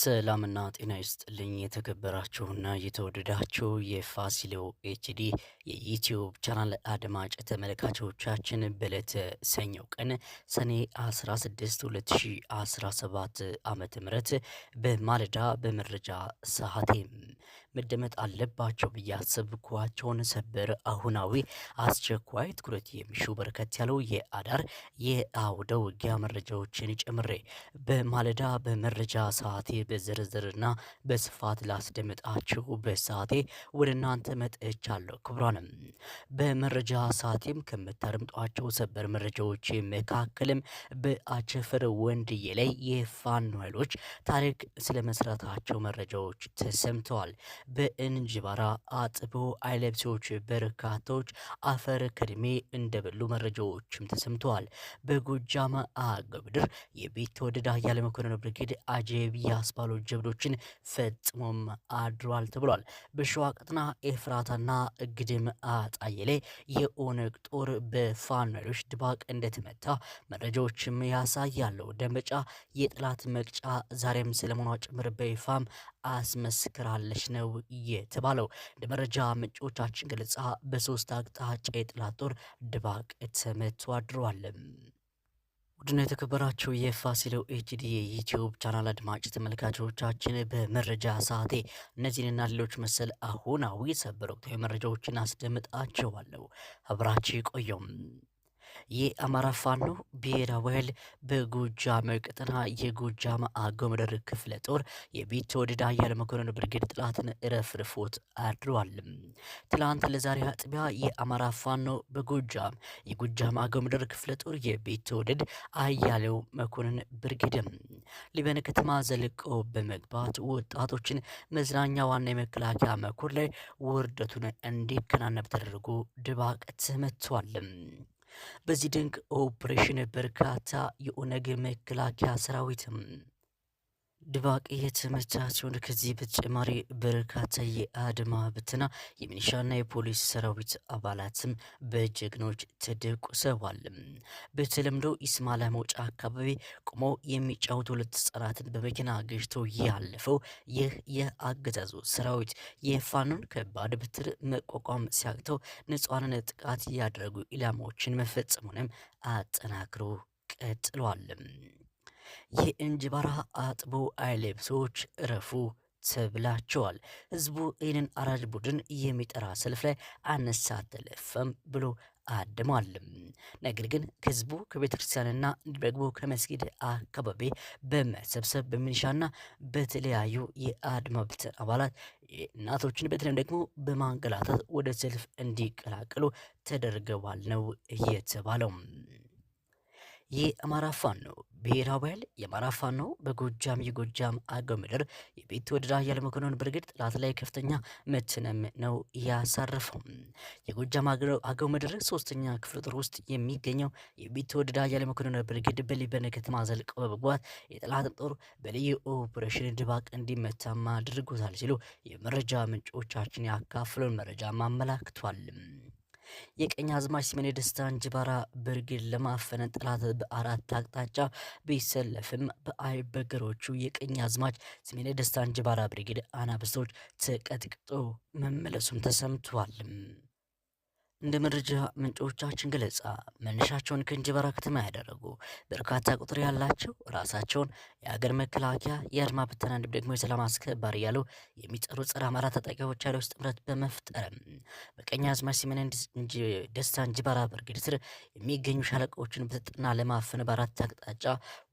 ሰላምና ጤና ይስጥልኝ የተከበራችሁና የተወደዳችሁ የፋሲሎ ኤችዲ የዩትዩብ ቻናል አድማጭ ተመልካቾቻችን በዕለተ ሰኞው ቀን ሰኔ 16 2017 ዓ.ም በማለዳ በመረጃ ሰዓቴም መደመጥ አለባቸው ብዬ አሰብኳቸውን ሰበር አሁናዊ አስቸኳይ ትኩረት የሚሹ በርከት ያለው የአዳር የአውደ ውጊያ መረጃዎችን ጨምሬ በማለዳ በመረጃ ሰዓቴ በዝርዝርና በስፋት ላስደምጣችሁ በሰዓቴ ወደ እናንተ መጥቻለሁ። ክቡራንም በመረጃ ሰዓቴም ከምታደምጧቸው ሰበር መረጃዎች መካከልም በአቸፈር ወንድዬ ላይ የፋኖ ኃይሎች ታሪክ ስለመስራታቸው መረጃዎች ተሰምተዋል። በእንጅባራ አጥቦ አይለብሴዎች በርካቶች አፈር ከድሜ እንደበሉ መረጃዎችም ተሰምተዋል። በጎጃም አገብድር የቤት ተወደዳ አያሌው ብርጌድ አጀብ ያስባሉ ጀብዶችን ፈጽሞም አድሯል ተብሏል። በሸዋ ቀጥና ኤፍራታና ግድም አጣዬ የኦነግ ጦር በፋኖዎች ድባቅ እንደተመታ መረጃዎችም ያሳያሉ። ደንበጫ የጠላት መቅጫ ዛሬም ስለመሆኗ ጭምር በይፋም አስመስክራለች ነው የተባለው። እንደ መረጃ ምንጮቻችን ገለጻ በሶስት አቅጣጫ የጠላት ጦር ድባቅ ተመቶ አድሯል። ውድና የተከበራቸው የፋሲሎ ኤችዲ የዩቲዩብ ቻናል አድማጭ ተመልካቾቻችን በመረጃ ሰዓቴ እነዚህንና ሌሎች መሰል አሁናዊ ሰበር ወቅታዊ መረጃዎችን አስደምጣቸዋለሁ። አብራችሁ ቆየም የአማራ ፋኖ ብሔራዊ ኃይል በጎጃም ቀጠና የጎጃም አጎምደር ክፍለ ጦር የቤት የቢትወደድ አያለ መኮንን ብርጌድ ጥላትን ረፍርፎት አድሯል። ትላንት ለዛሬ አጥቢያ የአማራ ፋኖ በጎጃም የጎጃም አጎምደር ክፍለ ጦር የቤት ተወደድ አያሌው መኮንን ብርጌድም ሊበን ከተማ ዘልቆ በመግባት ወጣቶችን መዝናኛ ዋና የመከላከያ መኮር ላይ ውርደቱን እንዲከናነብ ተደርጎ ድባቅ ተመቷል። በዚህ ድንቅ ኦፕሬሽን በርካታ የኦነግ መከላከያ ሰራዊትም ድባቅ የተመቻቸውን ከዚህ በተጨማሪ በርካታ የአድማ ብትና የሚኒሻና የፖሊስ ሰራዊት አባላትም በጀግኖች ተደቁሰዋል። በተለምዶ ኢስማላ መውጫ አካባቢ ቆመው የሚጫወቱ ሁለት ህጻናትን በመኪና ገጭቶ ያለፈው ይህ የአገዛዙ ሰራዊት የፋኖን ከባድ ብትር መቋቋም ሲያቅተው ንጹሐንን ጥቃት ያደረጉ ኢላማዎችን መፈጸሙንም አጠናክሮ ቀጥሏል። የእንጅባራ አጥቦ አይለብሶች እረፉ ተብላቸዋል። ህዝቡ ይህንን አራጅ ቡድን የሚጠራ ሰልፍ ላይ አነሳተለፈም ብሎ አድሟልም። ነገር ግን ህዝቡ ከቤተ ክርስቲያንና ደግሞ ከመስጊድ አካባቢ በመሰብሰብ በሚሊሻና በተለያዩ የአድማ ብተን አባላት እናቶችን በተለይም ደግሞ በማንገላታት ወደ ሰልፍ እንዲቀላቀሉ ተደርገዋል ነው እየተባለው። የአማራ ፋኖ ብሔራዊ ኃይል የአማራ ፋኖ በጎጃም የጎጃም አገው ምድር የቤት ወደዳ ያለ ብርግድ ጠላት ላይ ከፍተኛ ምትንም ነው ያሳረፈው። የጎጃም አገው ምድር ሶስተኛ ክፍለ ጦር ውስጥ የሚገኘው የቤት ወደዳ ያለ ብርግድ በሊበነ ከተማ ዘልቆ በመግባት የጠላትን ጦር በልዩ ኦፕሬሽን ድባቅ እንዲመታም አድርጎታል ሲሉ የመረጃ ምንጮቻችን ያካፍለውን መረጃም አመላክቷል። የቀኛዝማች ስሜኔ ደስታን ጅባራ ብርጌድ ለማፈነ ጠላት በአራት አቅጣጫ ቢሰለፍም በአይበገሮቹ አዝማች ስሜኔ ደስታን ጅባራ ብርጌድ አናብስቶች ተቀጥቅጦ መመለሱም ተሰምቷልም። እንደ መረጃ ምንጮቻችን ገለጻ መነሻቸውን ከእንጅባራ ከተማ ያደረጉ በርካታ ቁጥር ያላቸው ራሳቸውን የሀገር መከላከያ የአድማ ብተና እንዲሁም ደግሞ የሰላም አስከባሪ ያሉ የሚጠሩ ጸረ አማራ ታጣቂዎች ኃይሎች ጥምረት በመፍጠርም በቀኛዝማች ስሜነ ደስታ እንጅባራ ብርጌድ ስር የሚገኙ ሻለቃዎችን በተጠና ለማፈን በአራት አቅጣጫ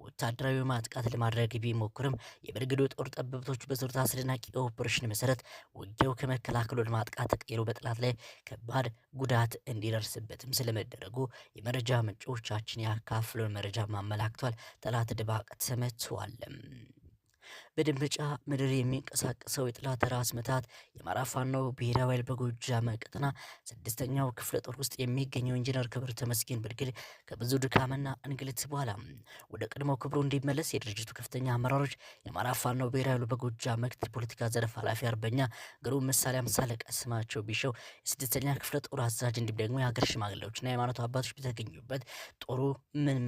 ወታደራዊ ማጥቃት ለማድረግ ቢሞክርም የብርጌዱ ጦር ጠበብቶች በዘሩት አስደናቂ ኦፕሬሽን መሰረት ውጊያው ከመከላከሉ ለማጥቃት ተቀይሮ በጠላት ላይ ከባድ ጉዳ ጉዳት እንዲደርስበትም ስለመደረጉ የመረጃ ምንጮቻችን ያካፍሉን መረጃ ማመላክቷል። ጠላት ድባቅ ተመቷል። በድንብጫ ምድር የሚንቀሳቀሰው የጠላት ራስ ምታት የአማራ ፋኖ ብሔራዊ ኃይል በጎጃም ቀጠና ስድስተኛው ክፍለ ጦር ውስጥ የሚገኘው ኢንጂነር ክብር ተመስገን ብርጌድ ከብዙ ድካምና እንግልት በኋላ ወደ ቀድሞ ክብሩ እንዲመለስ የድርጅቱ ከፍተኛ አመራሮች የአማራ ፋኖ ብሔራዊ ኃይል በጎጃም ምክትል ፖለቲካ ዘርፍ ኃላፊ አርበኛ ግሩም ምሳሌ አምሳለቃ ስማቸው ቢሸው የስድስተኛ ክፍለ ጦር አዛዥ እንዲሁም ደግሞ የሀገር ሽማግሌዎችና የሃይማኖት አባቶች በተገኙበት ጦሩ ምን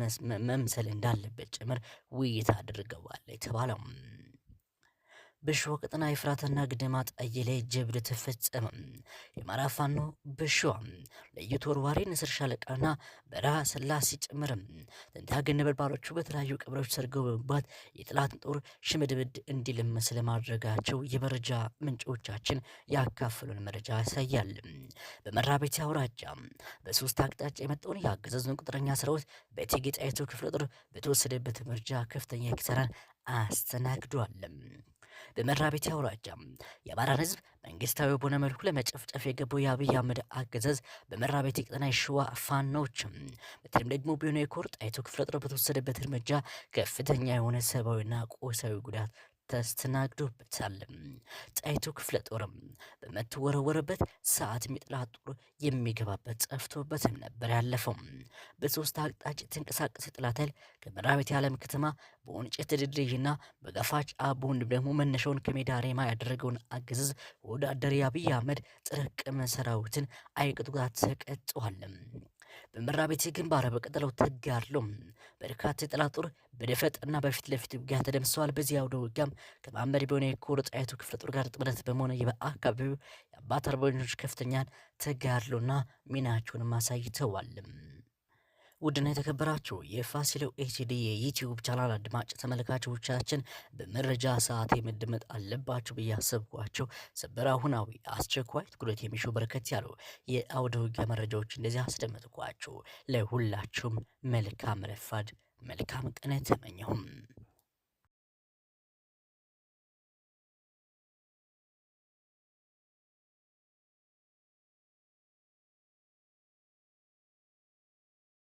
መምሰል እንዳለበት ጭምር ውይይት አድርገዋል የተባለው በሸዋ ቀጠና የፍራትና ግድማት አየለ ጀብድ ተፈጸመ። የአማራ ፋኖ በሸዋ ልዩ ተወርዋሪ ንስር ሻለቃና በረሃ ስላሴ ጭምርም ተንታገን ነበልባሎቹ በተለያዩ ቀበሌዎች ሰርገው በመግባት የጠላትን ጦር ሽምድምድ እንዲልመስ ለማድረጋቸው የመረጃ ምንጮቻችን ያካፍሉን መረጃ ያሳያል። በመራ ቤቴ አውራጃ በሶስት አቅጣጫ የመጣውን የአገዛዙን ቁጥረኛ ሰራዊት በእቴጌ ጣይቱ ክፍለ ጦር በተወሰደበት መርጃ ከፍተኛ ኪሳራን አስተናግዷል። በመራቤቴ አውራጃ የአማራን ህዝብ መንግስታዊ በሆነ መልኩ ለመጨፍጨፍ የገባው የአብይ አህመድ አገዛዝ በመራቤቴ ቀጠና የሸዋ ፋኖች በተለይም ደግሞ ቢሆነ የኮር ጣይቱ ክፍለ ጦር በተወሰደበት እርምጃ ከፍተኛ የሆነ ሰብአዊና ቁሳዊ ጉዳት ተስተናግዶበታል። ጣይቱ ክፍለ ጦርም በምትወረወረበት ሰዓት የጠላት ጦር የሚገባበት ጠፍቶበትም ነበር ያለፈው። በሶስት አቅጣጫ የተንቀሳቀሰ የጠላት ኃይል ከምዕራቤት የዓለም ከተማ በወንጭት ድልድይና በገፋች አቦን ደግሞ መነሻውን ከሜዳ ሬማ ያደረገውን አገዛዝ ወደ አደር አብይ አህመድ ጥርቅም ሰራዊትን አይቅጡጋት ተቀጥዋል። በመራ በመራቤቴ ግንባር በቀጠለው ተጋድሎ በርካታ የጠላት ጦር በደፈጥና በፊት ለፊት ውጊያ ተደምሰዋል። በዚህ አውደ ውጊያም ከመሐመድ በሆነ የኮር ጣይቱ ክፍለ ጦር ጋር ጥምረት በመሆነ በአካባቢው የአባት አርበኞች ከፍተኛን ተጋድሎና ሚናቸውንም አሳይተዋል። ውድና የተከበራችሁ የፋሲሎ ኤችዲ የዩትዩብ ቻናል አድማጭ ተመልካቾቻችን በመረጃ ሰዓት መደመጥ አለባችሁ ብዬ አሰብኳቸው ሰበር አሁናዊ አስቸኳይ ትኩረት የሚሹ በርከት ያሉ የአውደ ውጊያ መረጃዎች እንደዚህ አስደመጥኳችሁ። ለሁላችሁም መልካም ረፋድ፣ መልካም ቀን ተመኘሁም።